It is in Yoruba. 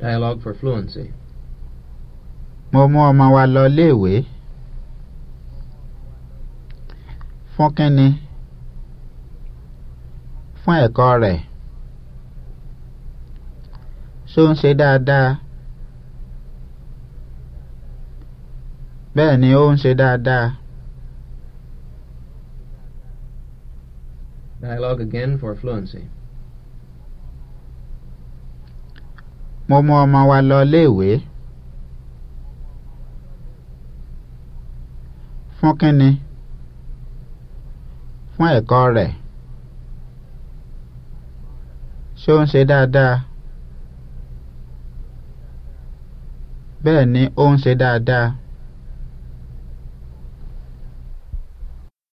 Dialogue for fluency. Mo mú ọmọ wa lọ léèwé. Fún kínni? Fún ẹ̀kọ́ rẹ̀. Ṣó ń ṣe dáadáa? Bẹ́ẹ̀ ni ó ń ṣe dáadáa. Dialogue again for fluency. mo mú ọmọ wa lọ léèwé fún kínni fún ẹ̀kọ́ rẹ̀ ṣé ó ń ṣe dáadáa bẹ́ẹ̀ ni ó ń ṣe dáadáa.